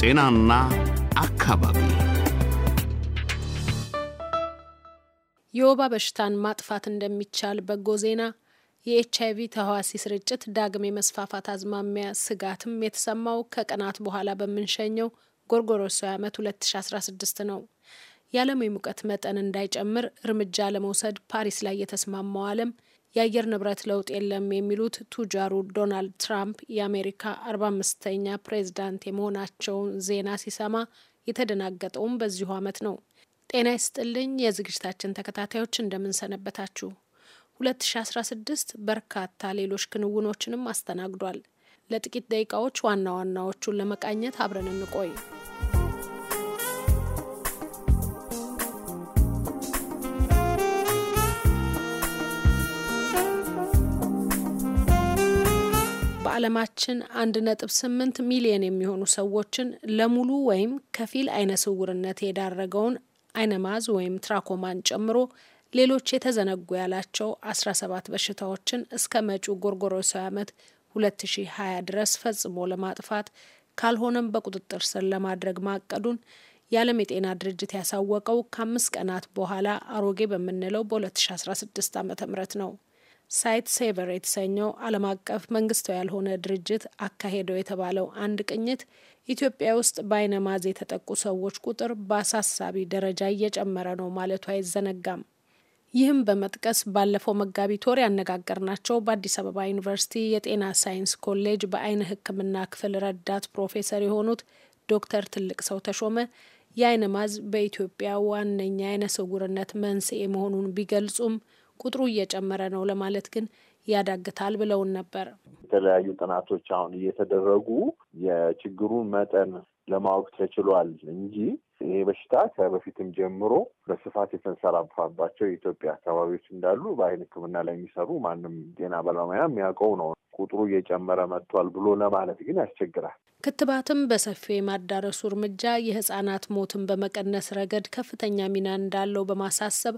ጤናና አካባቢ የወባ በሽታን ማጥፋት እንደሚቻል በጎ ዜና፣ የኤች አይቪ ተህዋሲ ስርጭት ዳግም የመስፋፋት አዝማሚያ ስጋትም የተሰማው ከቀናት በኋላ በምንሸኘው ጎርጎሮሳዊ ዓመት 2016 ነው። የዓለም የሙቀት መጠን እንዳይጨምር እርምጃ ለመውሰድ ፓሪስ ላይ የተስማማው ዓለም የአየር ንብረት ለውጥ የለም የሚሉት ቱጃሩ ዶናልድ ትራምፕ የአሜሪካ አርባ አምስተኛ ፕሬዝዳንት የመሆናቸውን ዜና ሲሰማ የተደናገጠውም በዚሁ ዓመት ነው። ጤና ይስጥልኝ የዝግጅታችን ተከታታዮች እንደምንሰነበታችሁ። 2016 በርካታ ሌሎች ክንውኖችንም አስተናግዷል። ለጥቂት ደቂቃዎች ዋና ዋናዎቹን ለመቃኘት አብረን እንቆይ። በዓለማችን 1.8 ሚሊዮን የሚሆኑ ሰዎችን ለሙሉ ወይም ከፊል አይነ ስውርነት የዳረገውን አይነማዝ ወይም ትራኮማን ጨምሮ ሌሎች የተዘነጉ ያላቸው 17 በሽታዎችን እስከ መጪው ጎርጎሮሳዊ ዓመት 2020 ድረስ ፈጽሞ ለማጥፋት ካልሆነም በቁጥጥር ስር ለማድረግ ማቀዱን የዓለም የጤና ድርጅት ያሳወቀው ከአምስት ቀናት በኋላ አሮጌ በምንለው በ2016 ም ነው። ሳይት ሴቨር የተሰኘው ዓለም አቀፍ መንግስታዊ ያልሆነ ድርጅት አካሄደው የተባለው አንድ ቅኝት ኢትዮጵያ ውስጥ በአይነማዝ የተጠቁ ሰዎች ቁጥር በአሳሳቢ ደረጃ እየጨመረ ነው ማለቱ አይዘነጋም። ይህም በመጥቀስ ባለፈው መጋቢት ወር ያነጋገርናቸው በአዲስ አበባ ዩኒቨርሲቲ የጤና ሳይንስ ኮሌጅ በአይነ ሕክምና ክፍል ረዳት ፕሮፌሰር የሆኑት ዶክተር ትልቅ ሰው ተሾመ የአይነ ማዝ በኢትዮጵያ ዋነኛ አይነ ስውርነት መንስኤ መሆኑን ቢገልጹም ቁጥሩ እየጨመረ ነው ለማለት ግን ያዳግታል ብለውን ነበር። የተለያዩ ጥናቶች አሁን እየተደረጉ የችግሩን መጠን ለማወቅ ተችሏል እንጂ ይሄ በሽታ ከበፊትም ጀምሮ በስፋት የተንሰራፋባቸው የኢትዮጵያ አካባቢዎች እንዳሉ በአይን ሕክምና ላይ የሚሰሩ ማንም ጤና ባለሙያ የሚያውቀው ነው። ቁጥሩ እየጨመረ መጥቷል ብሎ ለማለት ግን ያስቸግራል። ክትባትም በሰፊው የማዳረሱ እርምጃ የህጻናት ሞትን በመቀነስ ረገድ ከፍተኛ ሚና እንዳለው በማሳሰብ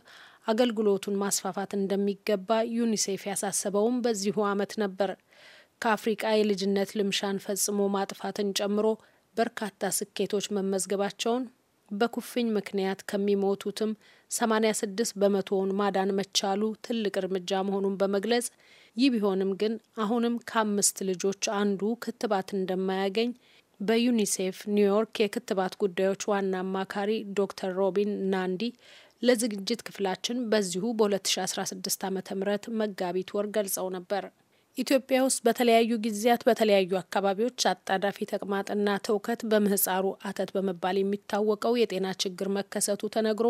አገልግሎቱን ማስፋፋት እንደሚገባ ዩኒሴፍ ያሳሰበውም በዚሁ ዓመት ነበር። ከአፍሪቃ የልጅነት ልምሻን ፈጽሞ ማጥፋትን ጨምሮ በርካታ ስኬቶች መመዝገባቸውን፣ በኩፍኝ ምክንያት ከሚሞቱትም 86 በመቶውን ማዳን መቻሉ ትልቅ እርምጃ መሆኑን በመግለጽ ይህ ቢሆንም ግን አሁንም ከአምስት ልጆች አንዱ ክትባት እንደማያገኝ በዩኒሴፍ ኒውዮርክ የክትባት ጉዳዮች ዋና አማካሪ ዶክተር ሮቢን ናንዲ ለዝግጅት ክፍላችን በዚሁ በ2016 ዓ ም መጋቢት ወር ገልጸው ነበር። ኢትዮጵያ ውስጥ በተለያዩ ጊዜያት በተለያዩ አካባቢዎች አጣዳፊ ተቅማጥና ትውከት በምህፃሩ አተት በመባል የሚታወቀው የጤና ችግር መከሰቱ ተነግሮ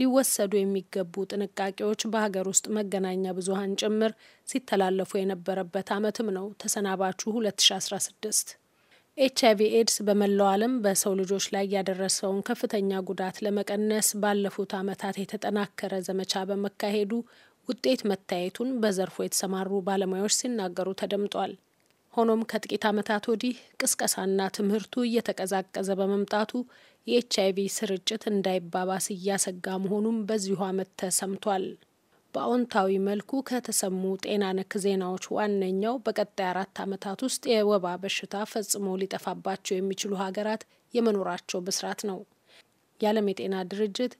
ሊወሰዱ የሚገቡ ጥንቃቄዎች በሀገር ውስጥ መገናኛ ብዙሀን ጭምር ሲተላለፉ የነበረበት አመትም ነው ተሰናባቹ 2016። ኤች አይቪ ኤድስ በመላው ዓለም በሰው ልጆች ላይ ያደረሰውን ከፍተኛ ጉዳት ለመቀነስ ባለፉት ዓመታት የተጠናከረ ዘመቻ በመካሄዱ ውጤት መታየቱን በዘርፉ የተሰማሩ ባለሙያዎች ሲናገሩ ተደምጧል። ሆኖም ከጥቂት ዓመታት ወዲህ ቅስቀሳና ትምህርቱ እየተቀዛቀዘ በመምጣቱ የኤች አይቪ ስርጭት እንዳይባባስ እያሰጋ መሆኑም በዚሁ ዓመት ተሰምቷል። በአዎንታዊ መልኩ ከተሰሙ ጤና ነክ ዜናዎች ዋነኛው በቀጣይ አራት ዓመታት ውስጥ የወባ በሽታ ፈጽሞ ሊጠፋባቸው የሚችሉ ሀገራት የመኖራቸው ብስራት ነው። የዓለም የጤና ድርጅት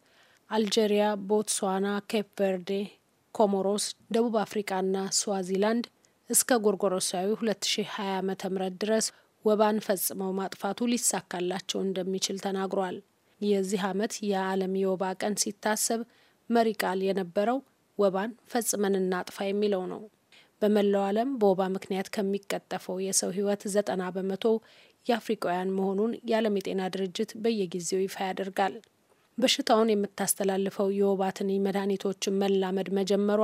አልጄሪያ፣ ቦትስዋና፣ ኬፕ ቨርዴ፣ ኮሞሮስ፣ ደቡብ አፍሪካና ስዋዚላንድ እስከ ጎርጎሮሳዊ 2020 ዓ ም ድረስ ወባን ፈጽመው ማጥፋቱ ሊሳካላቸው እንደሚችል ተናግሯል። የዚህ ዓመት የዓለም የወባ ቀን ሲታሰብ መሪ ቃል የነበረው ወባን ፈጽመን እናጥፋ የሚለው ነው። በመላው ዓለም በወባ ምክንያት ከሚቀጠፈው የሰው ህይወት ዘጠና በመቶ የአፍሪቃውያን መሆኑን የዓለም የጤና ድርጅት በየጊዜው ይፋ ያደርጋል። በሽታውን የምታስተላልፈው የወባ ትንኝ መድኃኒቶችን መላመድ መጀመሯ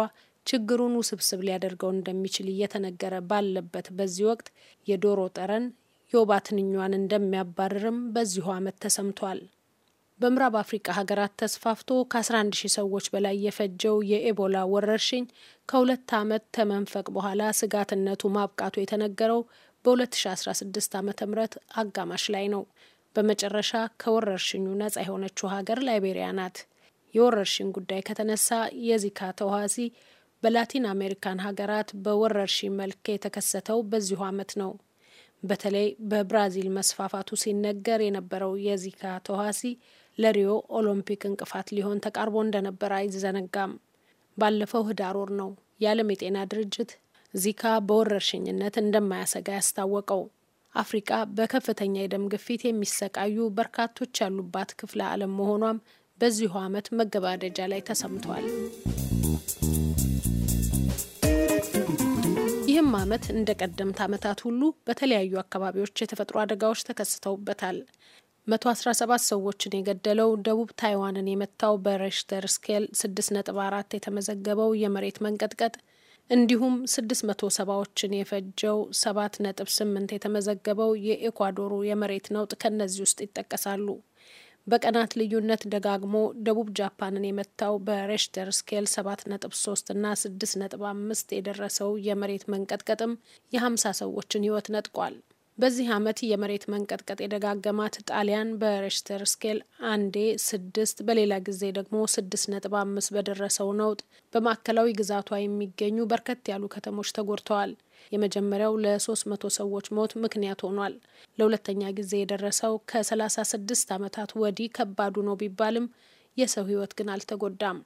ችግሩን ውስብስብ ሊያደርገው እንደሚችል እየተነገረ ባለበት በዚህ ወቅት የዶሮ ጠረን የወባ ትንኟን እንደሚያባርርም በዚሁ ዓመት ተሰምቷል። በምዕራብ አፍሪቃ ሀገራት ተስፋፍቶ ከ11 ሰዎች በላይ የፈጀው የኤቦላ ወረርሽኝ ከሁለት ዓመት ተመንፈቅ በኋላ ስጋትነቱ ማብቃቱ የተነገረው በ2016 ዓ ም አጋማሽ ላይ ነው። በመጨረሻ ከወረርሽኙ ነጻ የሆነችው ሀገር ላይቤሪያ ናት። የወረርሽኝ ጉዳይ ከተነሳ የዚካ ተዋሲ በላቲን አሜሪካን ሀገራት በወረርሽኝ መልክ የተከሰተው በዚሁ ዓመት ነው። በተለይ በብራዚል መስፋፋቱ ሲነገር የነበረው የዚካ ተዋሲ ለሪዮ ኦሎምፒክ እንቅፋት ሊሆን ተቃርቦ እንደነበረ አይዘነጋም። ባለፈው ህዳር ወር ነው የዓለም የጤና ድርጅት ዚካ በወረርሽኝነት እንደማያሰጋ ያስታወቀው። አፍሪቃ በከፍተኛ የደም ግፊት የሚሰቃዩ በርካቶች ያሉባት ክፍለ ዓለም መሆኗም በዚሁ ዓመት መገባደጃ ላይ ተሰምቷል። በዚህም ዓመት እንደ ቀደምት ዓመታት ሁሉ በተለያዩ አካባቢዎች የተፈጥሮ አደጋዎች ተከስተውበታል። 117 ሰዎችን የገደለው ደቡብ ታይዋንን የመታው በሬሽተር ስኬል 6.4 የተመዘገበው የመሬት መንቀጥቀጥ እንዲሁም 600 ሰባዎችን የፈጀው 7.8 የተመዘገበው የኤኳዶሩ የመሬት ነውጥ ከእነዚህ ውስጥ ይጠቀሳሉ። በቀናት ልዩነት ደጋግሞ ደቡብ ጃፓንን የመታው በሬሽተር ስኬል 7.3 እና 6.5 የደረሰው የመሬት መንቀጥቀጥም የ50 ሰዎችን ሕይወት ነጥቋል። በዚህ ዓመት የመሬት መንቀጥቀጥ የደጋገማት ጣሊያን በሬሽተር ስኬል አንዴ ስድስት በሌላ ጊዜ ደግሞ ስድስት ነጥብ አምስት በደረሰው ነውጥ በማዕከላዊ ግዛቷ የሚገኙ በርከት ያሉ ከተሞች ተጎድተዋል። የመጀመሪያው ለሶስት መቶ ሰዎች ሞት ምክንያት ሆኗል። ለሁለተኛ ጊዜ የደረሰው ከሰላሳ ስድስት ዓመታት ወዲህ ከባዱ ነው ቢባልም የሰው ሕይወት ግን አልተጎዳም።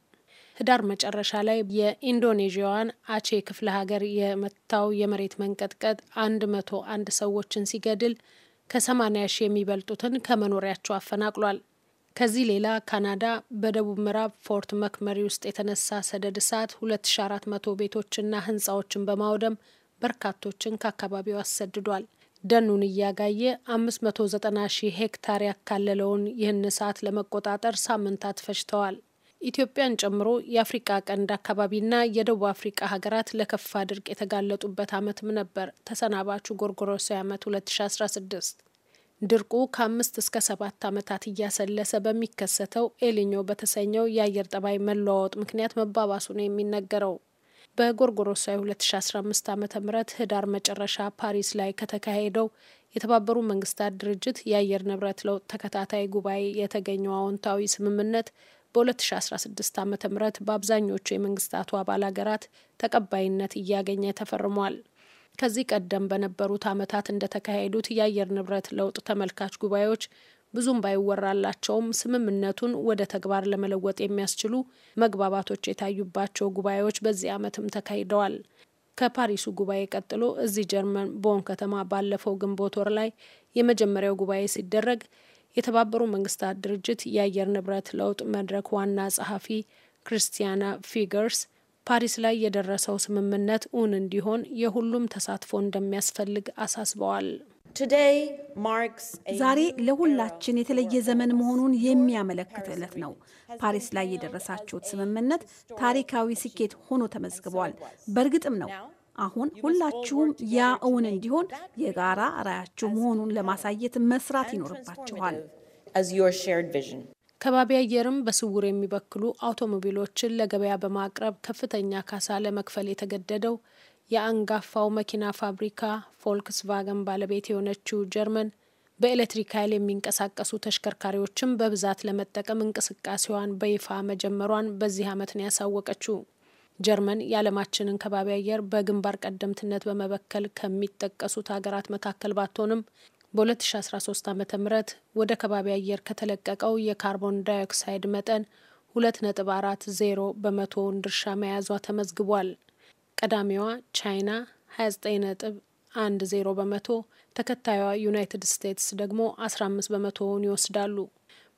ህዳር መጨረሻ ላይ የኢንዶኔዥያዋን አቼ ክፍለ ሀገር የመታው የመሬት መንቀጥቀጥ አንድ መቶ አንድ ሰዎችን ሲገድል ከሰማኒያ ሺህ የሚበልጡትን ከመኖሪያቸው አፈናቅሏል። ከዚህ ሌላ ካናዳ በደቡብ ምዕራብ ፎርት መክመሪ ውስጥ የተነሳ ሰደድ እሳት 2400 ቤቶችና ህንፃዎችን በማውደም በርካቶችን ከአካባቢው አሰድዷል። ደኑን እያጋየ 590 ሺህ ሄክታር ያካለለውን ይህን እሳት ለመቆጣጠር ሳምንታት ፈጅተዋል። ኢትዮጵያን ጨምሮ የአፍሪቃ ቀንድ አካባቢና የደቡብ አፍሪቃ ሀገራት ለከፋ ድርቅ የተጋለጡበት ዓመትም ነበር ተሰናባቹ ጎርጎሮሳዊ ዓመት 2016። ድርቁ ከአምስት እስከ ሰባት ዓመታት እያሰለሰ በሚከሰተው ኤሊኞ በተሰኘው የአየር ጠባይ መለዋወጥ ምክንያት መባባሱ ነው የሚነገረው። በጎርጎሮሳዊ 2015 ዓ ም ህዳር መጨረሻ ፓሪስ ላይ ከተካሄደው የተባበሩ መንግስታት ድርጅት የአየር ንብረት ለውጥ ተከታታይ ጉባኤ የተገኘው አዎንታዊ ስምምነት በ2016 ዓ ም በአብዛኞቹ የመንግስታቱ አባል ሀገራት ተቀባይነት እያገኘ ተፈርሟል። ከዚህ ቀደም በነበሩት ዓመታት እንደተካሄዱት የአየር ንብረት ለውጥ ተመልካች ጉባኤዎች ብዙም ባይወራላቸውም ስምምነቱን ወደ ተግባር ለመለወጥ የሚያስችሉ መግባባቶች የታዩባቸው ጉባኤዎች በዚህ ዓመትም ተካሂደዋል። ከፓሪሱ ጉባኤ ቀጥሎ እዚህ ጀርመን ቦን ከተማ ባለፈው ግንቦት ወር ላይ የመጀመሪያው ጉባኤ ሲደረግ የተባበሩ መንግስታት ድርጅት የአየር ንብረት ለውጥ መድረክ ዋና ጸሐፊ ክርስቲያና ፊገርስ ፓሪስ ላይ የደረሰው ስምምነት እውን እንዲሆን የሁሉም ተሳትፎ እንደሚያስፈልግ አሳስበዋል። ዛሬ ለሁላችን የተለየ ዘመን መሆኑን የሚያመለክት ዕለት ነው። ፓሪስ ላይ የደረሳችሁት ስምምነት ታሪካዊ ስኬት ሆኖ ተመዝግበዋል። በእርግጥም ነው አሁን ሁላችሁም ያ እውን እንዲሆን የጋራ ራያችሁ መሆኑን ለማሳየት መስራት ይኖርባችኋል። ከባቢ አየርም በስውር የሚበክሉ አውቶሞቢሎችን ለገበያ በማቅረብ ከፍተኛ ካሳ ለመክፈል የተገደደው የአንጋፋው መኪና ፋብሪካ ፎልክስቫገን ባለቤት የሆነችው ጀርመን በኤሌክትሪክ ኃይል የሚንቀሳቀሱ ተሽከርካሪዎችን በብዛት ለመጠቀም እንቅስቃሴዋን በይፋ መጀመሯን በዚህ ዓመት ነው ያሳወቀችው። ጀርመን የዓለማችንን ከባቢ አየር በግንባር ቀደምትነት በመበከል ከሚጠቀሱት ሀገራት መካከል ባትሆንም በ2013 ዓ ም ወደ ከባቢ አየር ከተለቀቀው የካርቦን ዳይኦክሳይድ መጠን 2.40 በመቶውን ድርሻ መያዟ ተመዝግቧል። ቀዳሚዋ ቻይና 29.10 በመቶ፣ ተከታዩዋ ዩናይትድ ስቴትስ ደግሞ 15 በመቶውን ይወስዳሉ።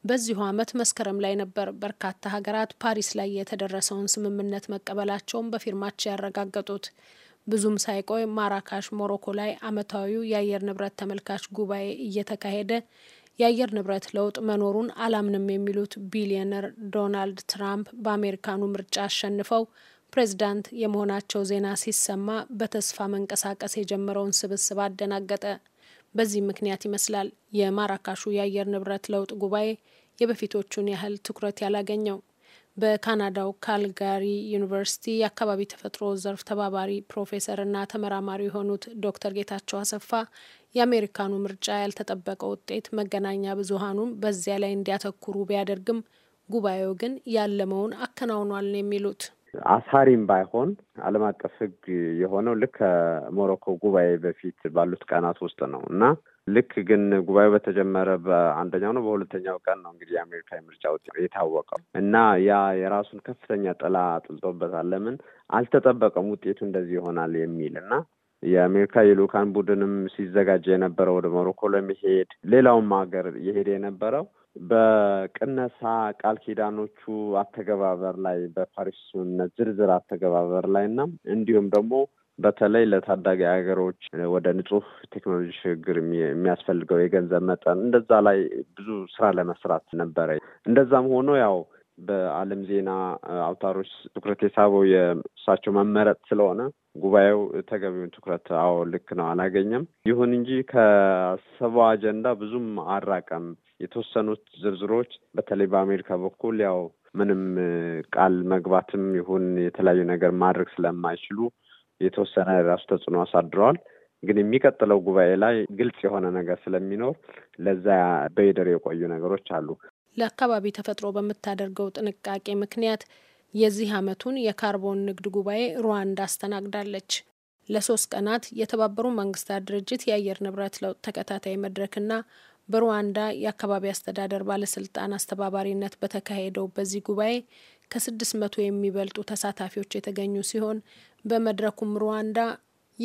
በዚሁ ዓመት መስከረም ላይ ነበር በርካታ ሀገራት ፓሪስ ላይ የተደረሰውን ስምምነት መቀበላቸውን በፊርማቸው ያረጋገጡት። ብዙም ሳይቆይ ማራካሽ ሞሮኮ ላይ ዓመታዊው የአየር ንብረት ተመልካች ጉባኤ እየተካሄደ የአየር ንብረት ለውጥ መኖሩን አላምንም የሚሉት ቢሊዮነር ዶናልድ ትራምፕ በአሜሪካኑ ምርጫ አሸንፈው ፕሬዝዳንት የመሆናቸው ዜና ሲሰማ በተስፋ መንቀሳቀስ የጀመረውን ስብስብ አደናገጠ። በዚህ ምክንያት ይመስላል የማራካሹ የአየር ንብረት ለውጥ ጉባኤ የበፊቶቹን ያህል ትኩረት ያላገኘው። በካናዳው ካልጋሪ ዩኒቨርሲቲ የአካባቢ ተፈጥሮ ዘርፍ ተባባሪ ፕሮፌሰርና ተመራማሪ የሆኑት ዶክተር ጌታቸው አሰፋ የአሜሪካኑ ምርጫ ያልተጠበቀ ውጤት መገናኛ ብዙሃኑን በዚያ ላይ እንዲያተኩሩ ቢያደርግም ጉባኤው ግን ያለመውን አከናውኗል ነው የሚሉት። አሳሪም ባይሆን ዓለም አቀፍ ሕግ የሆነው ልክ ከሞሮኮ ጉባኤ በፊት ባሉት ቀናት ውስጥ ነው እና ልክ ግን ጉባኤው በተጀመረ በአንደኛው ነው በሁለተኛው ቀን ነው እንግዲህ የአሜሪካ የምርጫ ውጤት የታወቀው እና ያ የራሱን ከፍተኛ ጥላ አጥልጦበታል። ለምን አልተጠበቀም ውጤቱ እንደዚህ ይሆናል የሚል እና የአሜሪካ የልኡካን ቡድንም ሲዘጋጅ የነበረው ወደ ሞሮኮ ለመሄድ ሌላውም ሀገር የሄደ የነበረው በቅነሳ ቃል ኪዳኖቹ አተገባበር ላይ በፓሪስ ስምምነት ዝርዝር አተገባበር ላይ እና እንዲሁም ደግሞ በተለይ ለታዳጊ ሀገሮች ወደ ንጹህ ቴክኖሎጂ ሽግግር የሚያስፈልገው የገንዘብ መጠን እንደዛ ላይ ብዙ ስራ ለመስራት ነበረ። እንደዛም ሆኖ ያው በዓለም ዜና አውታሮች ትኩረት የሳበው የእሳቸው መመረጥ ስለሆነ ጉባኤው ተገቢውን ትኩረት አዎ ልክ ነው አላገኘም። ይሁን እንጂ ከሰባው አጀንዳ ብዙም አራቀም። የተወሰኑት ዝርዝሮች በተለይ በአሜሪካ በኩል ያው ምንም ቃል መግባትም ይሁን የተለያዩ ነገር ማድረግ ስለማይችሉ የተወሰነ ራሱ ተጽዕኖ አሳድረዋል። ግን የሚቀጥለው ጉባኤ ላይ ግልጽ የሆነ ነገር ስለሚኖር ለዛ በይደር የቆዩ ነገሮች አሉ። ለአካባቢ ተፈጥሮ በምታደርገው ጥንቃቄ ምክንያት የዚህ ዓመቱን የካርቦን ንግድ ጉባኤ ሩዋንዳ አስተናግዳለች። ለሶስት ቀናት የተባበሩ መንግስታት ድርጅት የአየር ንብረት ለውጥ ተከታታይ መድረክና በሩዋንዳ የአካባቢ አስተዳደር ባለስልጣን አስተባባሪነት በተካሄደው በዚህ ጉባኤ ከስድስት መቶ የሚበልጡ ተሳታፊዎች የተገኙ ሲሆን በመድረኩም ሩዋንዳ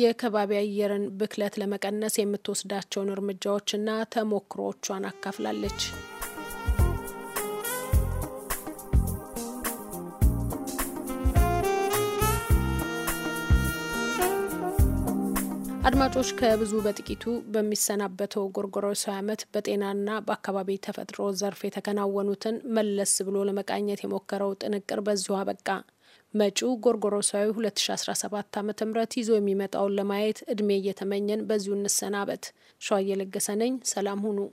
የከባቢ አየርን ብክለት ለመቀነስ የምትወስዳቸውን እርምጃዎችና ተሞክሮዎቿን አካፍላለች። አድማጮች ከብዙ በጥቂቱ በሚሰናበተው ጎርጎሮሳዊ ዓመት በጤናና በአካባቢ ተፈጥሮ ዘርፍ የተከናወኑትን መለስ ብሎ ለመቃኘት የሞከረው ጥንቅር በዚሁ አበቃ። መጪው ጎርጎሮሳዊ 2017 ዓ ም ይዞ የሚመጣውን ለማየት እድሜ እየተመኘን በዚሁ እንሰናበት። ሸዋየ ለገሰ ነኝ። ሰላም ሁኑ።